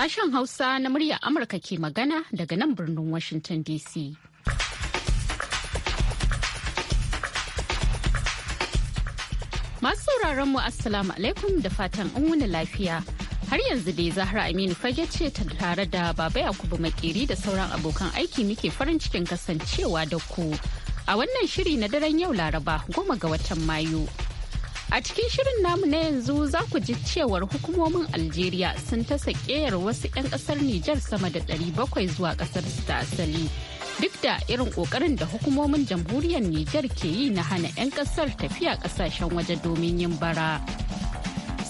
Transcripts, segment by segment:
Sashen Hausa na murya Amurka ke magana daga nan birnin Washington DC. Masu sauraron mu Assalamu alaikum da fatan an wuni lafiya. Har yanzu dai Zahra Aminu fage ce ta tare da Baba Yakubu Makeri da sauran abokan aiki muke farin cikin kasancewa da ku. A wannan shiri na daren yau Laraba goma ga watan Mayu. A cikin shirin namu na yanzu za ku ji cewar hukumomin Algeria sun ta sakeyar wasu 'yan kasar Nijar sama da 700 zuwa ƙasar su ta asali. Duk da irin ƙoƙarin da hukumomin jamhuriyar Nijar ke yi na hana 'yan ƙasar tafiya ƙasashen waje domin yin bara.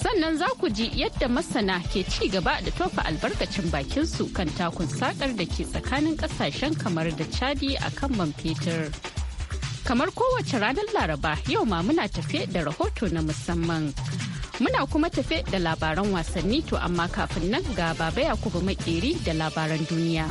sannan za ku ji yadda masana ke ci gaba da tofa albarkacin bakinsu kan takun sakar da ke tsakanin kasashen kamar da chadi a kan man fetur. Kamar kowace ranar Laraba yau ma muna tafe da rahoto na musamman. Muna kuma tafe da labaran wasanni to amma kafin nan ga Baba Yakubu Makeri da labaran duniya.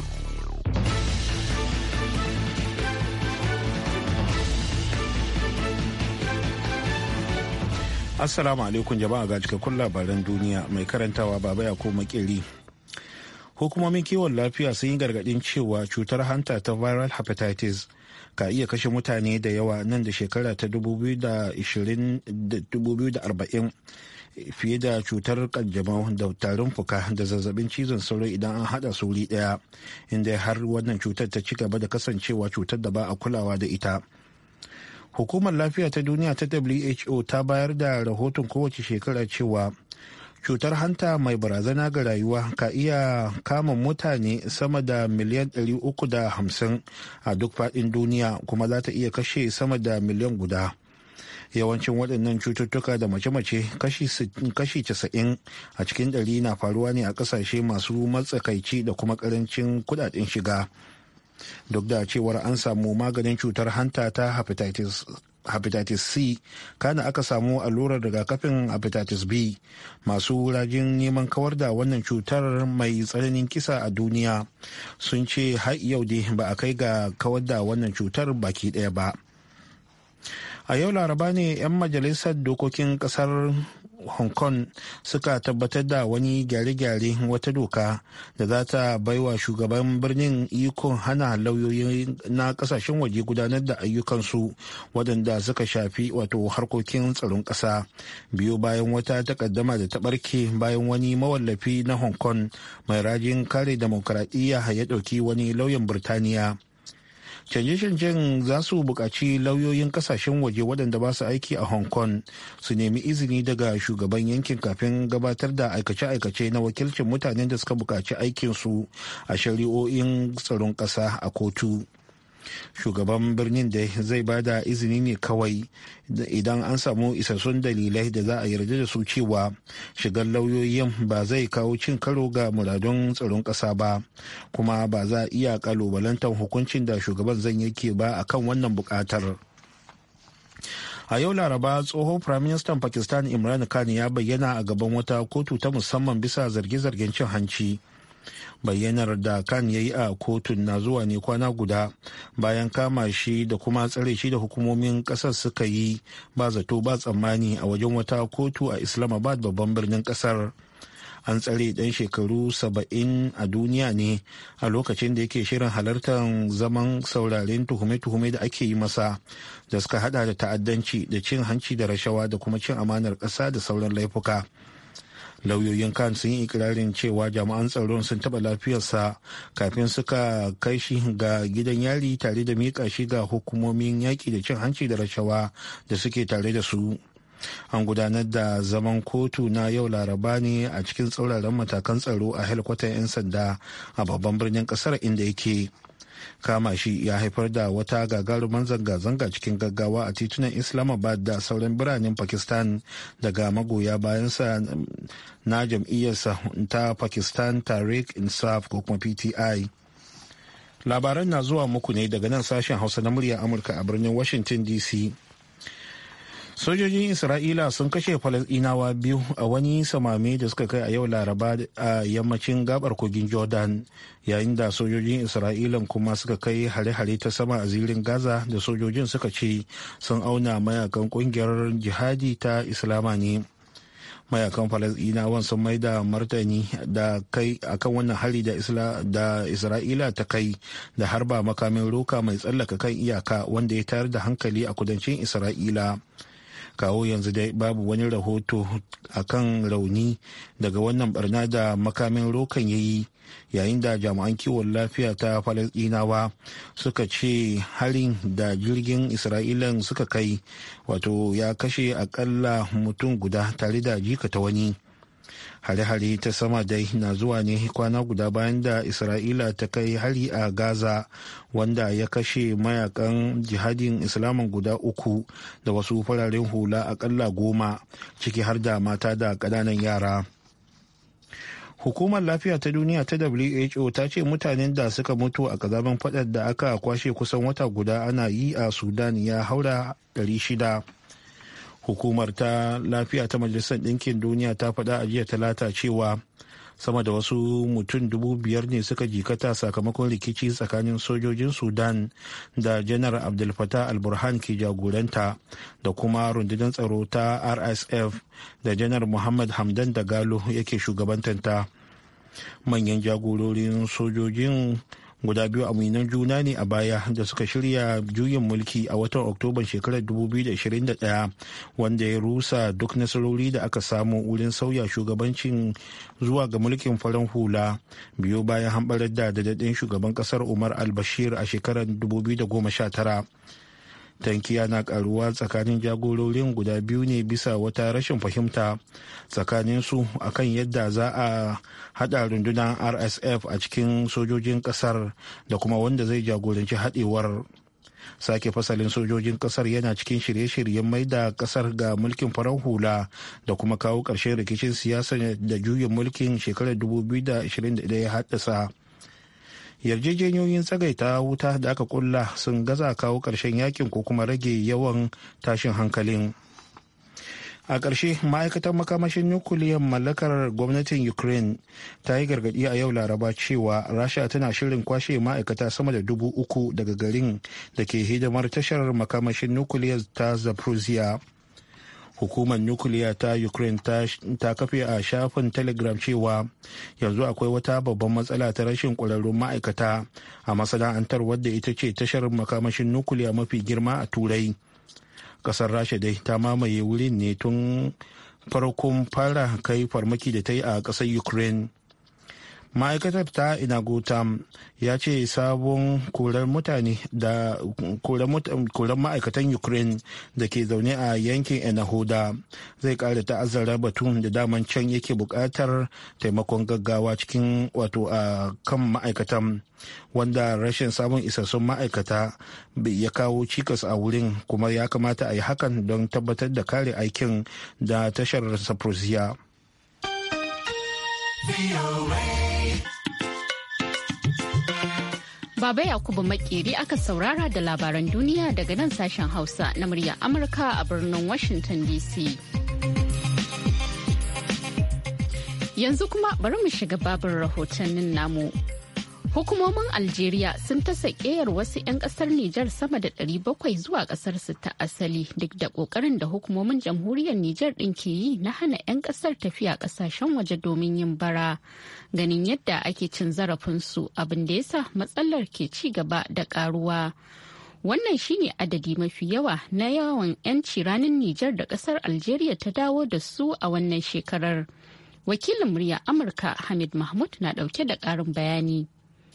Assalamu alaikum jama'a ga cikakkun labaran duniya mai karantawa baba ya makeri. Hukumomin kiwon lafiya sun yi gargadin cewa cutar hanta ta viral hepatitis ka iya kashe mutane da yawa nan da shekara ta 2020 fiye da cutar kanjamau da tarin fuka da zazzabin cizon sauro idan an hada su wuri daya inda har wannan cutar ta ci gaba da kasancewa cutar da ba a kulawa da ita hukumar lafiya ta duniya ta who ta bayar da rahoton kowace shekara cewa cutar hanta mai barazana ga rayuwa ka iya kama mutane sama da miliyan 350 a duk faɗin duniya kuma za ta iya kashe sama da miliyan guda yawancin waɗannan cututtuka da mace-mace kashi 90 a cikin ɗari na faruwa ne a ƙasashe masu matsakaici da kuma ƙarancin kuɗaɗen shiga duk da cewar an samu maganin cutar hanta ta hepatitis hepatitis c kana aka samu allurar rigakafin hepatitis b masu rajin neman kawar da wannan cutar mai tsananin kisa a duniya sun ce har yau dai ba a kai ga kawar da wannan cutar baki ɗaya ba a yau laraba ne 'yan majalisar dokokin kasar hong kong suka tabbatar da wani gyare-gyare wata doka da za ta baiwa shugaban birnin ikon hana lauyoyi na kasashen waje gudanar da ayyukansu waɗanda suka shafi wato harkokin tsaron ƙasa biyu bayan wata takaddama da ta ɓarke bayan wani mawallafi na hong kong mai rajin kare demokradiyya ya ɗauki wani lauyan birtaniya canje-canjen za su buƙaci lauyoyin kasashen waje waɗanda ba su aiki a hong kong su nemi izini daga shugaban yankin kafin gabatar da aikace-aikace na wakilcin mutanen da suka buƙaci aikinsu a shari'o'in tsaron ƙasa a kotu. shugaban birnin da zai ba da izini ne kawai idan an samu isassun dalilai da za a yarda da su cewa shigar lauyoyin ba zai kawo cin karo ga muradun tsaron ƙasa ba kuma ba za a iya kalubalantar hukuncin da shugaban zan yake ba a kan wannan buƙatar. a yau laraba tsohon firaministan pakistan imran khan ya bayyana a gaban wata kotu ta musamman bisa zarge-zargen cin hanci bayyanar da kan ya yi a kotun na zuwa ne kwana guda bayan kama shi da kuma tsare shi da hukumomin kasar suka yi ba zato ba tsammani a wajen wata kotu a islamabad babban birnin kasar an tsare dan shekaru saba'in a duniya ne a lokacin da yake shirin halartar zaman sauraren tuhume-tuhume da ake yi masa da suka hada da ta'addanci da cin hanci da rashawa da kuma cin amanar ƙasa da sauran laifuka lauyoyin kan sun yi ikirarin cewa jami'an tsaron sun taɓa lafiyarsa kafin suka kai shi ga gidan yari tare da miƙa shi ga hukumomin yaƙi da cin hanci da rashawa da suke tare da su an gudanar da zaman kotu na yau laraba ne a cikin tsauraran matakan tsaro a helikwatar 'yan sanda a babban birnin kasar inda yake. kama shi ya haifar da wata gagarumar zanga-zanga cikin gaggawa a titunan islamabad da sauran biranen pakistan daga magoya bayansa na jam'iyyarsa ta pakistan tariq insaf ko kuma pti labaran na zuwa muku ne daga nan sashen hausa na murya amurka a birnin washington dc sojojin isra'ila sun kashe falasdinawa biyu a wani samame da suka kai a yau laraba a yammacin gabar kogin jordan yayin da sojojin isra'ila kuma suka kai hare-hare ta sama a zirin gaza da sojojin suka ce sun auna mayakan kungiyar jihadi ta islama ne mayakan falasdinawan sun mai da martani da kai akan wannan hari da isra'ila ta kai da harba makamin roka mai tsallaka kan iyaka wanda ya tayar da hankali a kudancin isra'ila kawo yanzu dai babu wani rahoto a kan rauni daga wannan barna da makamin rokan ya yi yayin da jami'an kiwon lafiya ta falasdinawa suka ce harin da jirgin isra'ilan suka kai wato ya kashe akalla mutum guda tare da jika ta wani hare-hare ta sama dai na zuwa ne kwana guda bayan da isra'ila ta kai hari a gaza wanda ya kashe mayakan jihadin islamin guda uku da wasu fararen hula akalla goma ciki har da mata da ƙananan yara hukumar lafiya ta duniya ta who ta ce mutanen da suka mutu a kazamin fadar da aka kwashe kusan wata guda ana yi a sudan ya haura 600 hukumar ta lafiya ta majalisar ɗinkin duniya ta faɗa a jiya talata cewa sama da wasu mutum dubu biyar ne suka jikata sakamakon rikici tsakanin sojojin sudan da janar abdul fatah alburhan ke jagoranta da kuma rundunar tsaro ta rsf da janar muhammad hamdan da galo yake shugabantanta manyan jagororin sojojin guda biyu aminan juna ne a baya da suka shirya juyin mulki a watan oktoban shekarar 2021 wanda ya rusa duk nasarori da aka samu wurin sauya shugabancin zuwa ga mulkin farin hula biyu bayan hambarar da dadadin shugaban kasar umar al-bashir a shekarar 2019 tankiya na karuwa tsakanin jagororin guda biyu ne bisa wata rashin fahimta tsakanin su akan yadda za a hada rundunar rsf a cikin sojojin kasar da kuma wanda zai jagoranci hadewar sake fasalin sojojin kasar yana cikin shirye-shiryen mai da kasar ga mulkin farar hula da kuma kawo ƙarshen rikicin siyasa da juyin mulkin shekarar 2021 ya haddasa yarjejeniyoyin tsagaita wuta da aka kulla sun gaza kawo ƙarshen yakin ko kuma rage yawan tashin hankalin a ƙarshe ma'aikatar makamashin nukuliyar mallakar gwamnatin ukraine ta yi gargaɗi a yau laraba cewa rasha tana shirin kwashe ma'aikata sama da dubu uku daga garin da ke hidimar tashar makamashin nukiliyar ta zaporozhia hukumar nukiliya ta ukraine ta kafe a shafin telegram cewa yanzu akwai wata babban matsala ta rashin ƙwararrun ma'aikata a masana'antar wadda ita ce tashar makamashin nukiliya mafi girma a turai ƙasar rasha dai ta mamaye wurin ne tun farkon fara kai farmaki da ta yi a ƙasar ukraine ma'aikatar ta inagotam ya ce sabon korar mutane da korar ma'aikatan ukraine da ke zaune a yankin enahoda zai kara ta'azzara batun da daman can yake bukatar taimakon gaggawa cikin wato a kan ma'aikatan wanda rashin sabon isassun ma'aikata ya kawo cikas a wurin kuma ya kamata a yi hakan don tabbatar da kare aikin da tashar saprosiya. Baba Yakubu Makeri aka saurara da labaran duniya daga nan sashen Hausa na murya Amurka a birnin Washington DC. Yanzu kuma bari mu shiga babin rahotannin namu. Hukumomin Algeria sun ta sakeyar wasu 'yan kasar Nijar sama da 700 zuwa ƙasarsu ta asali duk da kokarin da hukumomin jamhuriyar Nijar ɗin ke yi na hana 'yan kasar tafiya kasashen waje domin yin bara. Ganin yadda ake cin zarafin su abin da yasa matsalar ke ci gaba da karuwa. Wannan shine adadi mafi yawa na yawan 'yanci ranar Nijar da kasar Algeria ta dawo da su a wannan shekarar. Wakilin murya Amurka Hamid Mahmud na ɗauke da ƙarin bayani.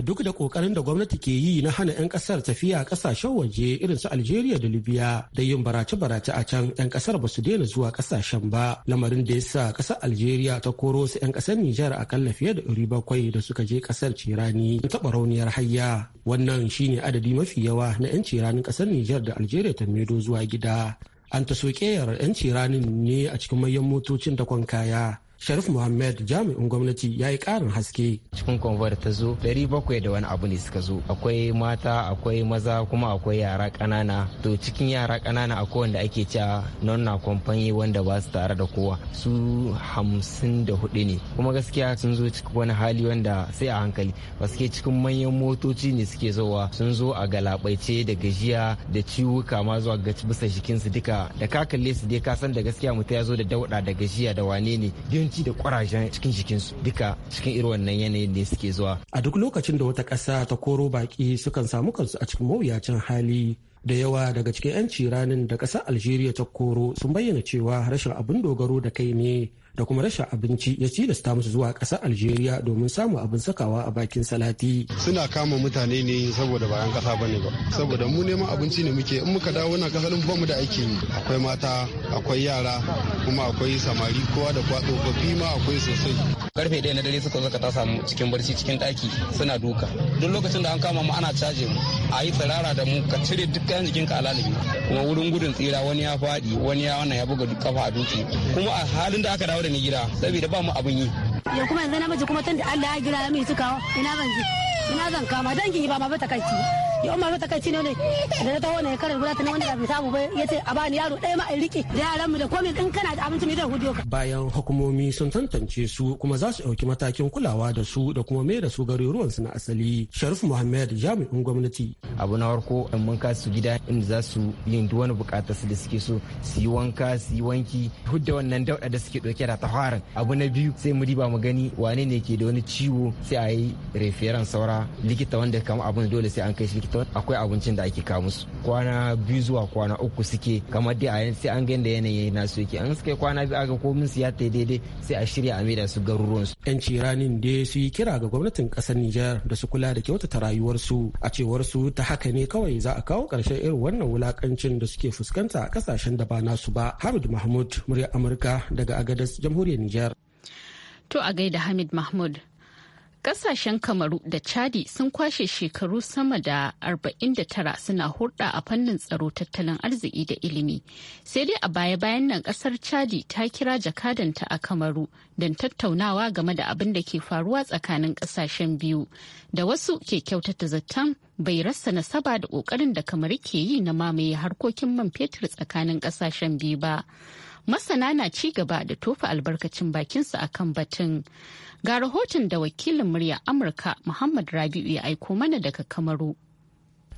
duk da kokarin da gwamnati ke yi na hana 'yan kasar tafiya kasashen waje irin su algeria da libya da yin barace-barace a can 'yan kasar ba su daina zuwa kasashen ba lamarin da ya sa kasar algeria ta koro su 'yan kasar nijar akalla fiye da 700 bakwai da suka je kasar cirani ta taɓa rauniyar hayya wannan shine adadi mafi yawa na 'yan ciranin kasar nijar da algeria ta medo zuwa gida an ta soke 'yan ciranin ne a cikin manyan motocin da kwan kaya Sharif Muhammad jami'in gwamnati ya yi ƙarin haske. Cikin konvoy ta zo ɗari bakwai da wani abu ne suka zo. Akwai mata, akwai maza, kuma akwai yara ƙanana. To cikin yara ƙanana akwai wanda ake cewa nonna kwamfani wanda ba su tare da kowa. Su hamsin da hudu ne. Kuma gaskiya sun zo cikin wani hali wanda sai a hankali. baske cikin manyan motoci ne suke zowa sun zo a galabaice da gajiya da ciwuka ma zuwa ga bisa jikinsu duka da ka kalle su dai ka san da gaskiya mutum ya zo da dauɗa da gajiya da wane ne. da ƙwarajen cikin jikinsu duka cikin irin wannan yanayin ne suke zuwa. A duk lokacin da wata ƙasa ta koro baki sukan samu kansu a cikin mawuyacin hali da yawa daga cikin 'yanci ranin da ƙasar algeria ta koro sun bayyana cewa rashin abin dogaro da kai ne da kuma rashin abinci ya tilasta musu zuwa ƙasar algeria domin samun abin sakawa a bakin salati suna kama mutane ne saboda bayan ƙasa ba ne ba saboda mu neman abinci ne muke in muka dawo na ƙasar ba mu da aiki yi akwai mata akwai yara kuma akwai samari kowa da kwa tsofaffi ma akwai sosai karfe ɗaya na dare suka zo ka tasa mu cikin barci cikin ɗaki suna duka duk lokacin da an kama mu ana caje mu a yi tsirara da mu ka cire duk kayan jikin ka alalabi kuma wurin gudun tsira wani ya faɗi wani ya wannan ya buga kafa a dutse kuma a halin da aka dawo da ni gida saboda ba mu abin yi. ya kuma yanzu namiji kuma tun da Allah ya gira ya mai kawo ina ban je ina zan kama dangin ba ma ba ta kai yau ma ta kai ne da ta taho ne karin guda ta ne wanda bai samu ya ce a bani yaro ɗaya ma a riƙe da yaran mu da komai in kana da abinci mai zai hudu ka bayan hukumomi sun tantance su kuma za su ɗauki matakin kulawa da su da kuma mai da su ruwan su na asali sharif muhammad jami'in gwamnati abu na farko in mun kasu gida in za su yin duk wani buƙatar su da suke so su yi wanka su yi wanki hudda wannan dauɗa da suke ɗauke da tafarin abu na biyu sai mu riba mu gani wane ne ke da wani ciwo sai a yi referan saura likita wanda kama abun dole sai an kai shi akwai abincin da ake kawo musu kwana biyu zuwa kwana uku suke kamar dai a yanzu sai an ga da yanayi nasu yake an suke kwana biyu aga komin su ya ta daidai sai a shirya a maida su garuruwan su. yan ciranin da su yi kira ga gwamnatin kasar Nijar da su kula da kyautata rayuwarsu a cewar su ta haka ne kawai za a kawo karshen irin wannan wulakancin da suke fuskanta a kasashen da ba nasu ba. Hamid Mahmud murya Amurka daga Agadez jamhuriyar Nijar. To a gaida Hamid Mahmud. Kasashen Kamaru da Chadi sun kwashe shekaru sama da 49 suna hurɗa a fannin tsaro tattalin arziki da ilimi. Sai dai a baya-bayan nan kasar Chadi ta kira jakadanta a Kamaru don tattaunawa game da abin da ke faruwa tsakanin kasashen biyu. Da wasu ke kyautata zaton bai rasa nasaba da ƙoƙarin da Kamaru ke yi na mamaye harkokin man fetur tsakanin kasashen biyu ba. masana na ci gaba da tofa albarkacin bakinsu a kan batun ga rahoton da wakilin murya amurka muhammad rabi'u ya aiko mana daga kamaru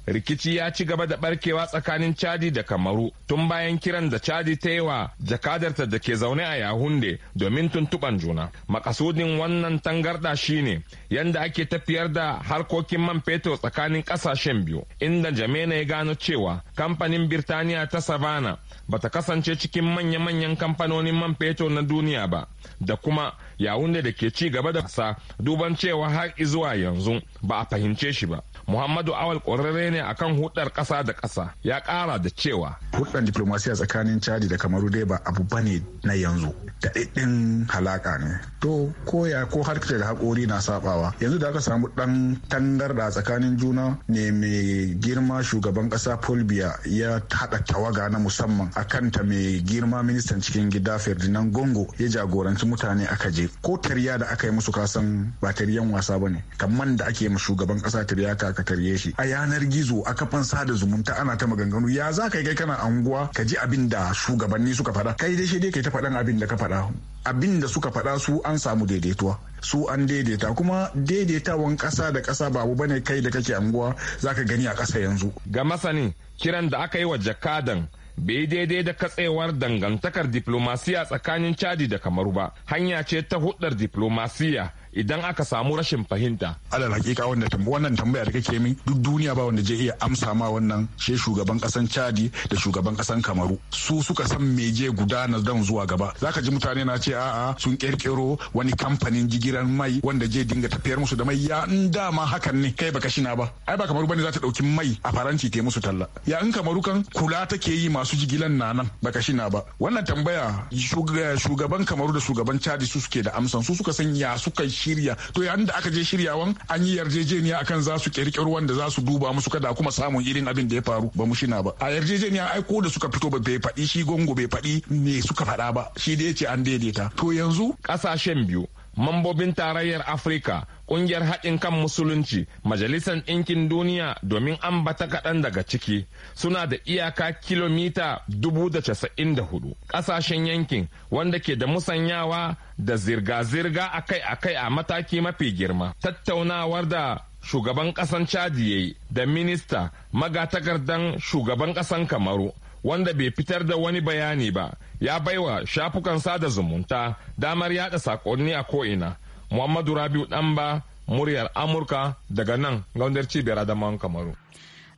rikici ya ci gaba da barkewa tsakanin chadi da kamaru tun bayan kiran da chadi ta yi wa jakadarta da ke zaune a yahunde domin tuntuban juna makasudin wannan tangarda shine yadda ake tafiyar da harkokin man fetur tsakanin kasashen biyu inda jamena ya gano cewa kamfanin birtaniya ta savannah ta kasance cikin manya-manyan kamfanonin man fetur na duniya ba da kuma yawun da ke ci gaba da kasa duban cewa har izuwa yanzu ba a fahimce shi ba muhammadu awal ƙwararre ne akan hudar ƙasa da ƙasa ya ƙara da cewa hudar diplomasiya tsakanin chadi da kamaru dai ba abu bane na yanzu da ɗiɗɗin halaka ne to ya ko har da haƙori na sabawa yanzu da aka samu ɗan tangarda tsakanin juna ne mai girma shugaban ƙasa polbia ya haɗa tawaga na musamman a kanta mai girma ministan cikin gida ferdinand gongo ya jagoranci mutane aka je ko tarya da aka yi musu kasan ba tariyan wasa ba ne kamar da ake ma shugaban ƙasa tarya ka ka tarye shi a yanar gizo a kafan sada zumunta ana ta maganganu ya za ka kai kana anguwa ka ji abin da shugabanni suka faɗa kai dai shi dai kai ta faɗan abin da ka faɗa abin da suka faɗa su an samu daidaituwa su an daidaita kuma daidaitawan ƙasa da ƙasa babu bane kai da kake anguwa za ka gani a ƙasa yanzu ga masani kiran da aka yi wa jakadan bai daidai da katsewar dangantakar diplomasiya tsakanin chadi da kamaru ba hanya ce ta hudar diplomasiya idan aka samu rashin fahimta. Alal hakika wanda wannan tambaya da kake min duk duniya ba wanda zai iya amsa ma wannan she shugaban kasan Chadi da shugaban kasan Kamaru. Su suka san me je gudana dan zuwa gaba. Zaka ji mutane na ce a'a sun kirkiro wani kamfanin jigiran mai wanda je dinga tafiyar musu da mai ya in dama hakan ne kai baka shina ba. Ai ba Kamaru bane za ta dauki mai a faranci ta musu talla. Ya in Kamaru kan kula take yi masu jigilan na nan baka shina ba. Wannan tambaya shugaban Kamaru da shugaban Chadi su suke da amsan su suka san ya suka shirya to yayin da aka je shiryawan an yi yarjejeniya akan za su kirkiro wanda za su duba musu kada kuma samun irin abin da ya faru ba mu shina ba a yarjejeniya ai ko da suka fito ba bai faɗi shi gongo bai faɗi ne suka faɗa ba shi da yace an daidaita to yanzu ƙasashen biyu mambobin tarayyar afirka kungiyar haɗin kan musulunci majalisar ɗinkin duniya domin ambata kaɗan daga ciki suna da iyaka kilomita 94 ƙasashen yankin wanda ke da musanyawa da zirga-zirga akai-akai a mataki mafi girma tattaunawar da shugaban ƙasan chadi ya da minista magatakardan shugaban ƙasan kamaru wanda bai fitar da wani bayani ba ya baiwa shafukan sada zumunta damar yada sakonni a ko'ina Muhammadu Rabiu Ɗanba muryar Amurka daga nan gaunar cibiyar Adamawan Kamaru.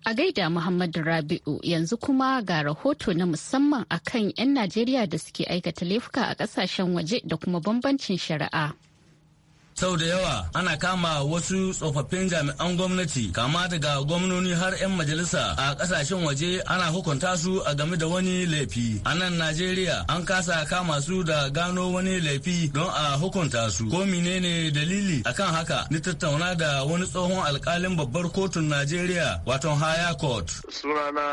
A gaida Muhammadu Rabi'u yanzu kuma ga rahoto na musamman akan 'yan Najeriya da suke aikata laifuka a kasashen waje da kuma bambancin shari'a. sau da yawa ana kama wasu tsofaffin jami'an gwamnati kama daga gwamnoni har 'yan majalisa a kasashen waje ana hukunta su a game da wani laifi a nan najeriya an kasa kama su da gano wani laifi don a hukunta su ko menene dalili akan haka ni tattauna da wani tsohon alkalin babbar kotun najeriya wato haya court sunana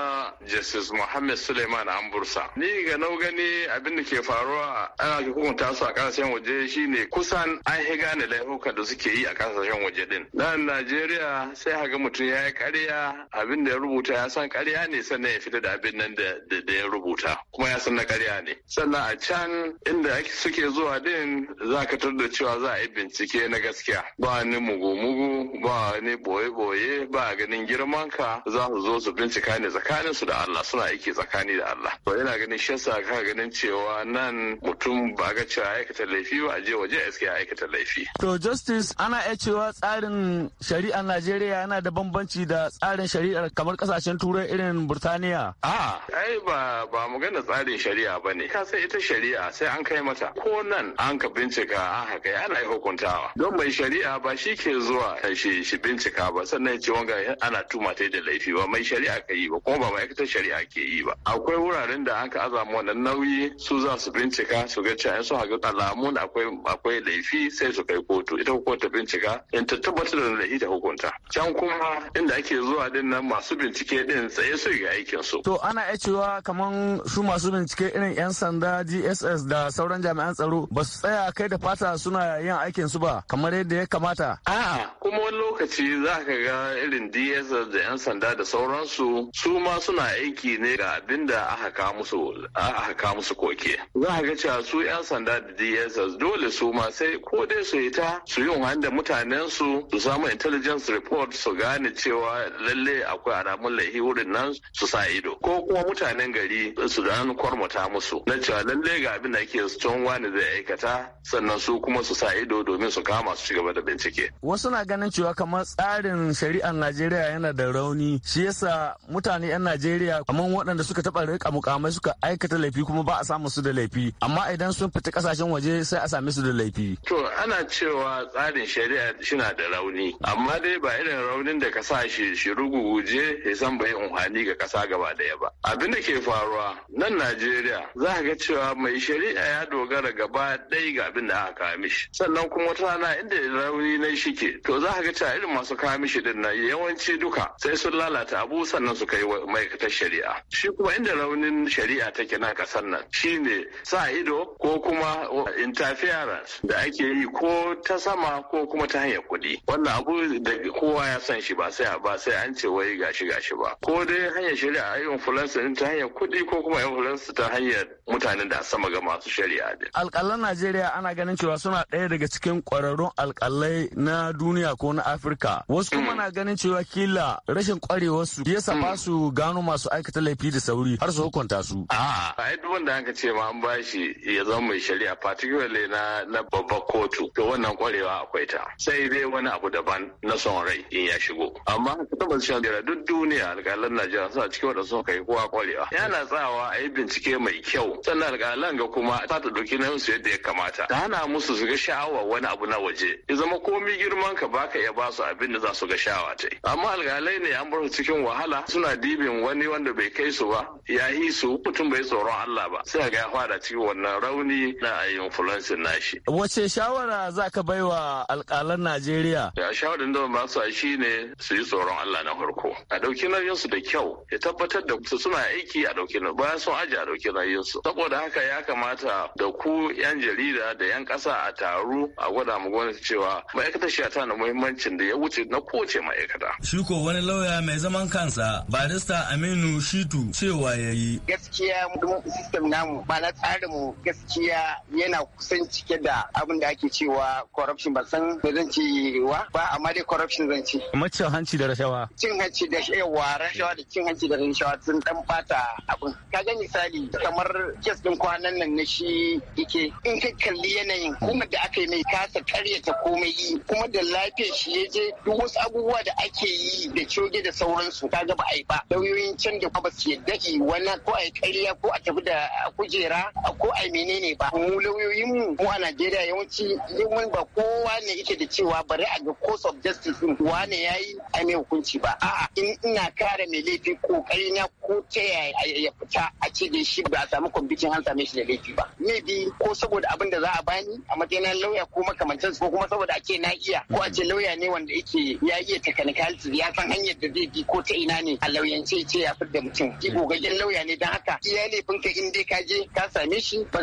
justice muhammad suleiman ambursa ni ga nau gani abin ke faruwa ana hukunta su a kasashen waje shine kusan an higa ne laifuka da suke yi a kasashen waje din nan najeriya sai haga mutum ya yi karya abin da ya rubuta ya san karya ne sannan ya fita da abin nan da ya rubuta kuma ya san na karya ne sannan a can inda suke zuwa din za ka da cewa za a yi bincike na gaskiya ba ni mugu-mugu ba ni boye-boye ba ganin girman ka za su zo su bincika ne tsakanin su da Allah suna aiki tsakani da Allah to ina ganin shi yasa ka ganin cewa nan mutum ba ga cewa aikata laifi ba a je waje a iske aikata laifi To justice ana iya cewa tsarin shari'ar Najeriya yana da bambanci da tsarin shari'a kamar kasashen turai irin Burtaniya. A ai ba ba magana tsarin shari'a ba ne. Ka sai ita shari'a sai an kai mata. Ko nan an ka bincika an haka ana yi hukuntawa. Don mai shari'a ba shi ke zuwa shi shi bincika ba sannan ce wanga ana tuma ta da laifi ba mai shari'a ka yi ba kuma ba ma'aikatar shari'a ke yi ba. Akwai wuraren da an ka azama wannan nauyi su za su bincika su ga cewa su haka alamun akwai akwai laifi sai su kai ko kotu ita hukumar ta bincika in ta tabbatar da laifi ta hukunta can kuma inda ake zuwa din nan masu bincike din tsaye su ga aikin su to ana iya cewa kaman su masu bincike irin yan sanda GSS da sauran jami'an tsaro ba su tsaya kai da fata suna yin aikin su ba kamar yadda ya kamata a'a kuma wani lokaci za ka ga irin DSS da yan sanda da sauransu su ma suna aiki ne ga abinda aka ka musu aka ka musu koke za ka ga cewa su yan sanda da DSS dole su ma sai ko dai su yi ta kowa su yi wani da mutanen su su samu intelligence report su gane cewa lalle akwai alamun laihi wurin nan su sa ido ko kuma mutanen gari su dan kwarmata musu na cewa lalle ga abin da ake tsohon wani zai aikata sannan su kuma su sa ido domin su kama su cigaba da bincike wasu na ganin cewa kamar tsarin shari'ar Najeriya yana da rauni shi yasa mutane 'yan Najeriya kamar waɗanda suka taɓa rika mukamai suka aikata laifi kuma ba a samu su da laifi amma idan sun fita kasashen waje sai a same su da laifi to ana cewa cewa tsarin shari'a shina da rauni amma dai ba irin raunin da ka sa shi shi ruguguje ya san bai unhani ga kasa gaba daya ba abin da ke faruwa nan Najeriya za ka ga cewa mai shari'a ya dogara gaba ɗaya ga abin da aka kawo mishi sannan kuma wata rana inda rauni na shi ke to za ka ga cewa irin masu kawo mishi din nan yawanci duka sai sun lalata abu sannan su kai ma'aikatar shari'a shi kuma inda raunin shari'a take na kasan nan shine sa ido ko kuma interference da ake yi ko ko ta sama ko kuma ta hanyar kuɗi wannan abu da kowa ya san shi ba sai ba sai an ce wai gashi gashi ba ko dai hanyar shari'a ai influencer din ta hanyar kuɗi ko kuma influencer ta hanyar mutanen da sama ga masu shari'a din alƙalan Najeriya ana ganin cewa suna ɗaya daga cikin ƙwararrun alƙalai na duniya ko na Afirka wasu kuma mm. na ganin cewa kila rashin ƙwarewarsu yasa mm. ba su gano masu aikata laifi da sauri har su hukunta su a ai duk wanda aka ce ma an bashi ya zama mai shari'a particularly na na babbar kotu wannan kwarewa akwai ta sai dai wani abu daban na son rai in ya shigo amma haka tabbas shan biyar duk duniya alƙalan najeriya suna cikin wanda suka kai kowa kwarewa yana tsawa a yi bincike mai kyau sannan alƙalan ga kuma ta ta ɗauki na su yadda ya kamata ta hana musu su ga sha'awa wani abu na waje ya zama komi girman ka baka iya ba su abin da za su ga sha'awa ta amma alƙalai ne an bar su cikin wahala suna dibin wani wanda bai kai su ba ya yi su mutum bai tsoron Allah ba sai ga ya fara cikin wannan rauni na influence nashi wace shawara za aka wa alƙalan Najeriya? sha shawarin da ba su shi ne su yi tsoron Allah na farko. A ɗauki nauyinsu da kyau ya tabbatar da su suna aiki a ɗauki nauyi bayan sun aji a ɗauki nauyinsu. Saboda haka ya kamata da ku 'yan jarida da 'yan ƙasa a taru a gwada mu gwamnati cewa ma'aikatar shi ta na muhimmancin da ya wuce na kowace ma'aikata. Shi ko wani lauya mai zaman kansa barista Aminu Shitu cewa ya yi. Gaskiya sistem namu ba na tsarinmu gaskiya yana kusan cike da abin da ake cewa corruption ba san da zan ci wa ba amma dai corruption zan ci. hanci da rashawa. Cin hanci da yawa rashawa da cin hanci da rashawa sun dan bata abin. Ka ga misali kamar kes din kwanan nan na shi yake in ka kalli yanayin kuma da aka yi mai kasa karyata komai yi kuma da lafiyar shi ya duk wasu abubuwa da ake yi da coge da sauransu ka ga ba a yi ba. Lauyoyin can da ba su yadda yi wani ko a yi karya ko a tafi da kujera ko a yi menene ba. Mu lauyoyinmu mu a Najeriya yawanci yawan ba kowa ne yake da cewa bari a ga course of justice din wane yayi a mai hukunci ba a'a in ina kare mai laifi kokari na ko ta ya fita a ce da shi ba a samu kwambitin an same shi da laifi ba maybe ko saboda abin da za a bani a matsayin lauya ko makamancin ko kuma saboda a ce na iya ko a ce lauya ne wanda yake ya iya technicality ya san hanyar da zai bi ko ta ina ne a lauyance ce ya da mutum ki gogaggen lauya ne don haka iya laifin ka in dai ka je ka same shi ba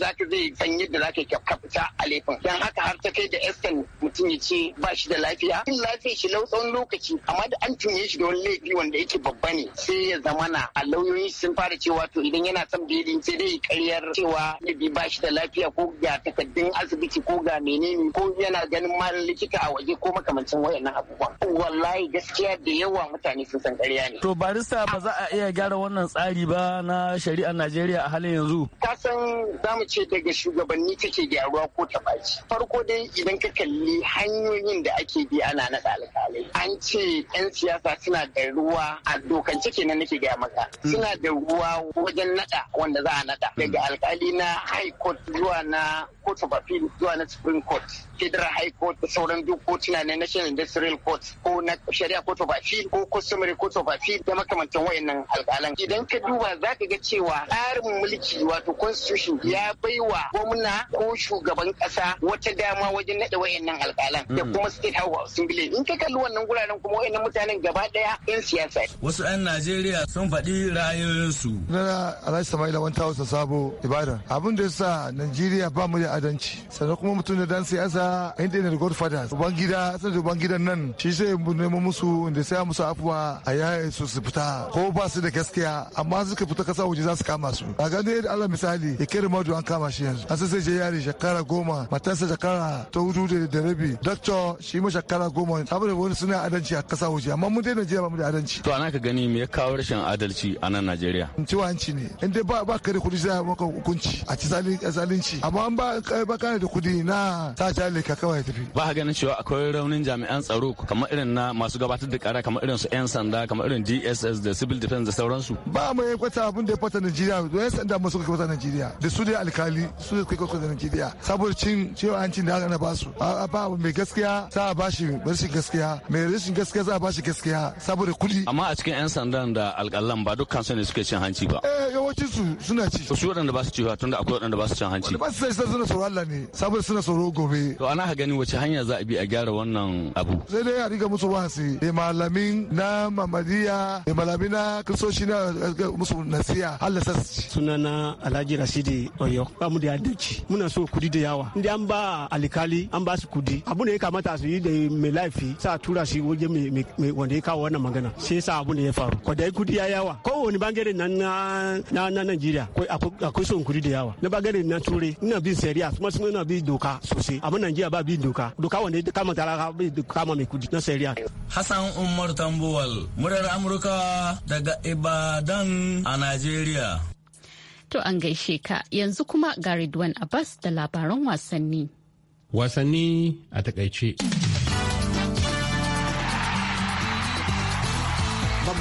za ka zai san yadda za ka fita a laifin don haka ta har ta kai da eskan mutum ya ce ba shi da lafiya in lafiya shi lau lokaci amma da an tunye shi da wani laifi wanda yake babba ne sai ya zamana a lauyoyi sun fara cewa to idan yana son belin sai dai karyar cewa laifi ba shi da lafiya ko ga takaddun asibiti ko ga menene ko yana ganin malam likita a waje ko makamancin wayannan abubuwan wallahi gaskiya da yawa mutane sun san karya ne to barista ba za a iya gyara wannan tsari ba na shari'ar Najeriya a halin yanzu ka san za mu ce daga shugabanni take gyaruwa ko ta baci farko farko dai idan ka kalli hanyoyin da ake bi ana na alkalai an ce 'yan siyasa suna da ruwa a dokance kenan nake gaya maka hmm. suna da ruwa wajen nada wanda za a nada daga hmm. alkali na high court zuwa na Court of Appeal zuwa na Supreme Court, Federal High Court da sauran duk kotuna na National Industrial Court ko na Shari'a Court of Appeal ko Customary Court of Appeal da makamantan wayannan alƙalan. Idan ka duba za ka ga cewa tsarin mulki wato constitution ya baiwa gwamna ko shugaban ƙasa wata dama wajen naɗa wayannan alƙalan da hmm. kuma State House Assembly. In ka kalli wannan guraren kuma wayannan mutanen gaba ɗaya 'yan siyasa. Wasu 'yan Najeriya sun faɗi ra'ayoyinsu. Nana Alhaji Sama'ila 1000 Sabo ibada. Abin da ya sa Najeriya ba mu da ta'addanci sannan kuma mutum da dan siyasa inda ne da godfathers ban gida sai da ban gidan nan shi sai mu nemo musu inda sai musu afuwa a yaya su su fita ko ba su da gaskiya amma suka fita kasa waje za su kama su a gane da Allah misali ya kira madu an kama shi yanzu an sai je yari shekara goma matarsa shekara ta hudu da rabi doctor shi ma shekara goma saboda wani suna adalci a kasa waje amma mun dai jiya ba mu da adalci to ana ka gani me ya kawo rashin adalci a nan Najeriya in ciwa hanci ne in dai ba ba kare kudi za maka hukunci a ci zalunci amma an ba baka da kudi na ta ta leka kawai tafi ba ka ganin cewa akwai raunin jami'an tsaro kamar irin na masu gabatar da kara kamar irin su yan sanda kamar irin DSS da civil defense da sauransu ba mu yi kwata abin da ya fata Najeriya da yan sanda masu kwata Najeriya da su da alkali su da kwata Najeriya saboda cin cewa an cin da ana ba su a ba mai gaskiya za a bashi rashin gaskiya mai rashin gaskiya za a bashi gaskiya saboda kudi amma a cikin yan sandan da alkalan ba dukkan su ne suke cin hanci ba eh yawancin su suna ci su waɗanda ba su ci ba tunda akwai waɗanda ba su cin hanci ba su sai suna tsoro Allah ne saboda suna tsoro gobe to ana ha gani wace hanya za a bi a gyara wannan abu sai dai a riga musu wasi da malamin na mamadiya da malamin na kristoci na eh, musu nasiya Allah suna na Alhaji Rashidi Oyo ba mu da adalci muna so kudi da yawa inda an ba alikali an ba su kudi abu ne ya kamata su yi da mai laifi sa tura shi waje mai wanda ya kawo wannan magana sai yasa abu ne ya faru ko da kudi ya yawa kowane bangare na na nigeria. Najeriya akwai son kudi da yawa na bangare na ture ina bin sai Najeriya tuma sun na bi doka sosai amma nigeria ba bi doka doka wanda ya kama bi bai ma mai kudi na seriya. Hassan Umar Tambuwal murar Amurka daga Ibadan a nigeria. To an gaishe ka yanzu kuma ga Ridwan Abbas da labaran wasanni. Wasanni a takaice.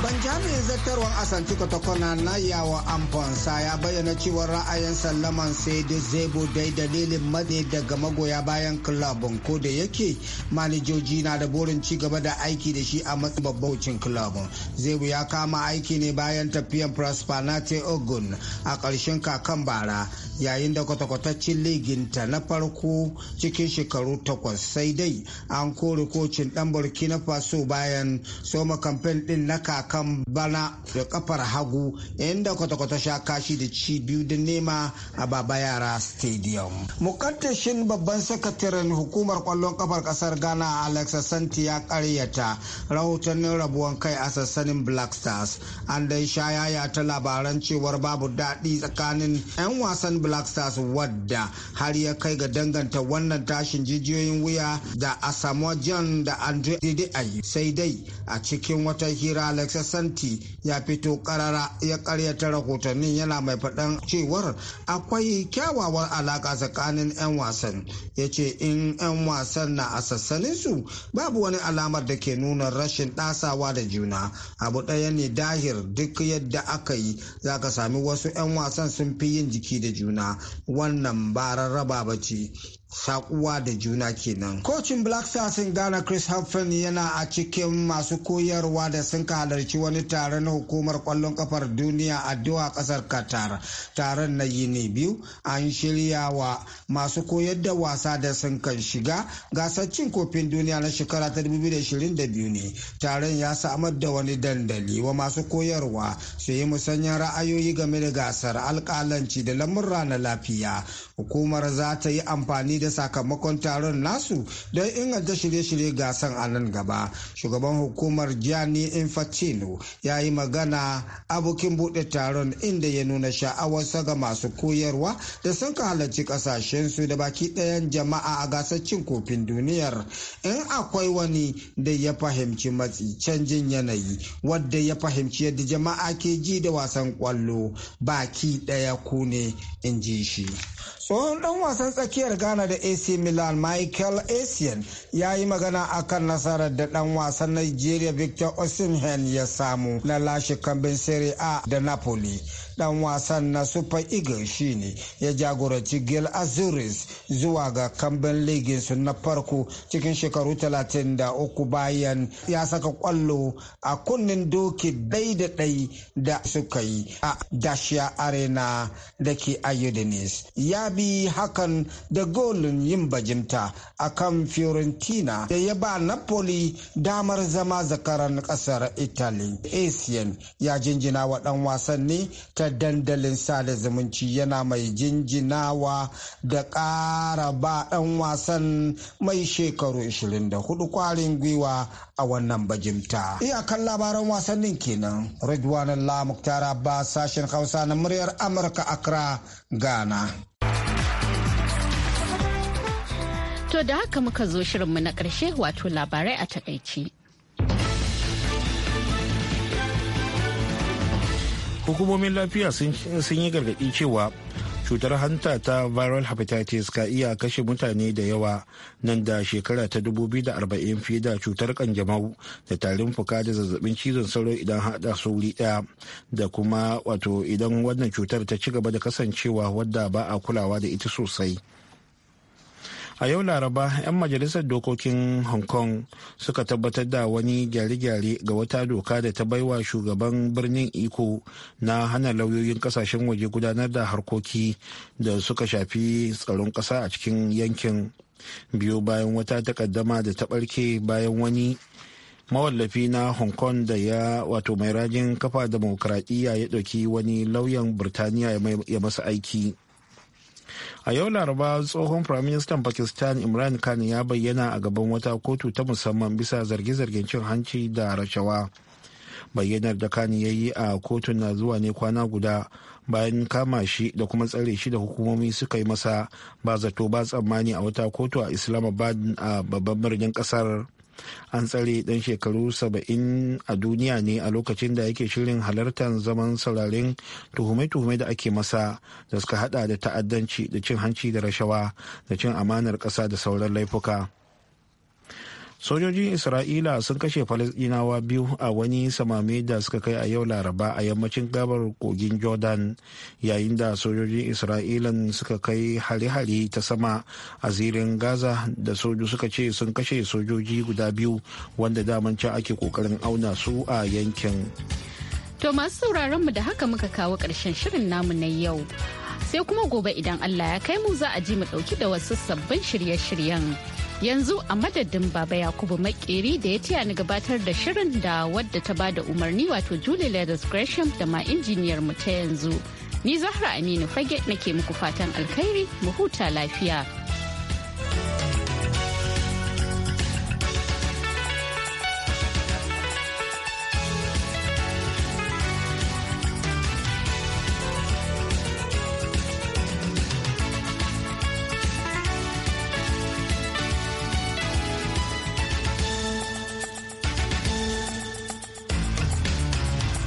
ban jami'in zartarwar Asanti Kotokona na yawa amfansa ya bayyana cewa ra'ayin sallaman sai da zebo dai dalilin matse daga magoya bayan kulabun ko da yake manajoji na da burin ci gaba da aiki da shi a matsayin babbaucin kulabun. Zebo ya kama aiki ne bayan tafiyan Prosperity Ogun a ƙarshen kakan bara yayin da kwatakwataccen liginta na farko cikin shekaru takwas sai dai an kore kocin ɗan Burkina Faso bayan soma kamfen ɗin na kaka. kan bana da kafar hagu inda kwata-kwata sha kashi da ci biyu da nema a baba yara stadium mukaddashin babban sakataren hukumar kwallon kafar kasar ghana alex santi ya karyata rahotannin rabuwan kai a sassanin black stars an dai sha yaya ta labaran cewar babu daɗi tsakanin 'yan wasan black stars wadda har ya kai ga danganta wannan tashin jijiyoyin wuya da asamoah john da andre ayi sai dai a cikin wata hira alex santi ya fito karara ya karyata rahotannin yana mai faɗan cewar akwai kyawawar alaƙa tsakanin 'yan wasan ya ce in 'yan wasan na a sassaninsu babu wani alamar da ke nuna rashin ɗasawa da juna abu ɗaya ne dahir duk yadda aka yi za ka sami wasu 'yan wasan sun fi yin jiki da juna wannan ba rarraba ba sakuwa da juna kenan. Kocin Black Stars in Ghana Chris Huffin yana a cikin masu koyarwa da sun halarci wani taron hukumar kwallon kafar duniya a Doha kasar Qatar. Taron na yini biyu an shirya wa masu koyar da wasa da sun kan shiga gasar kofin duniya na shekara ta 2022 ne. Taron ya samar da wani dandali wa masu koyarwa su yi musanyen ra'ayoyi game da gasar alkalanci da lamurra na lafiya. hukumar za ta yi amfani da sakamakon taron nasu don inganta shirye-shirye gasan a nan gaba shugaban hukumar gianni infantino ya yi magana abokin buɗe taron inda ya nuna sha'awar ga masu koyarwa da sun ka halarci ƙasashensu da baki ɗayan jama'a a gasar cin kofin duniyar in akwai wani da ya fahimci matsi canjin yanayi wadda ya fahimci yadda jama'a ke ji da wasan kwallo baki ɗaya ku ne in ji shi. tsohon dan wasan tsakiyar ghana da ac milan michael asian ya yi magana a kan nasarar da dan wasan nigeria victor osimhen ya samu na lashe kambin serie a da napoli dan wasan na super eagles shine ya jagoranci gil azuris zuwa ga kamben su na farko cikin shekaru 33 bayan ya saka kwallo a kunnen doki dai da da suka yi a dashiya arena da ke ayudinis ya bi hakan da golin yin bajinta a kan fiorentina da ya ba napoli damar zama zakaran kasar italy asian ya jinjina wa dan wasan ta dandalin sada zumunci yana mai jinjinawa da ƙara ba ɗan wasan mai shekaru 24 kwarin gwiwa a wannan bajimta. Iyakan labaran wasannin kenan Ridwan Allah Muktar Abbas sashen Hausa na muryar Amurka Accra, Ghana. To da haka muka zo shirinmu na ƙarshe wato labarai a takaici. hukumomin lafiya sun yi gargaɗi cewa cutar hanta ta viral hepatitis ka iya kashe mutane da yawa nan da shekara ta 2040 fiye da cutar kanjamau da tarin fuka da zazzabin cizon sauro idan hada sauri daya da kuma wato idan wannan cutar ta ci gaba da kasancewa wadda ba a kulawa da ita sosai. a yau laraba 'yan majalisar dokokin hong kong suka tabbatar da wani gyare-gyare ga wata doka da ta baiwa shugaban birnin iko na hana lauyoyin kasashen waje gudanar da harkoki da suka shafi tsaron kasa a cikin yankin biyu bayan wata takaddama da ta barke bayan wani mawallafi na hong kong da ya wato mai rajin kafa demokradiyya ya ɗauki wani lauyan birtaniya ya masa aiki. a yau laraba tsohon firaministan pakistan imran khan ya bayyana a gaban wata kotu ta musamman bisa zarge-zargen cin hanci da rashawa bayyanar da khan ya yi a kotun na zuwa ne kwana guda bayan kama shi da kuma tsare shi da hukumomi suka yi masa ba zato ba tsammani a wata kotu a islamabad a babban birnin kasar an tsare dan shekaru saba'in a duniya ne a lokacin da yake shirin halartar zaman sauraren tuhume-tuhume da ake masa da suka hada da ta'addanci da cin hanci da rashawa da cin amanar ƙasa da sauran laifuka. sojojin isra'ila sun kashe falasdinawa biyu a wani samame da suka kai a yau laraba a yammacin gabar kogin jordan yayin da sojojin isra'ilan suka kai hare-hare ta sama a zirin gaza da soju suka ce sun kashe sojoji guda biyu wanda daman can ake kokarin auna su a yankin To masu sauraron mu da haka muka kawo ƙarshen shirin namu na yau. Sai kuma gobe idan Allah ya kai mu za a ji mu ɗauki da wasu sabbin shirye-shiryen. yanzu a madadin baba yakubu makeri da ya tiya ni gabatar da shirin da wadda ta bada umarni wato julie leathers gresham da ma injiniyar mu ta yanzu ni zahra aminu fage nake muku fatan alkhairi mu huta lafiya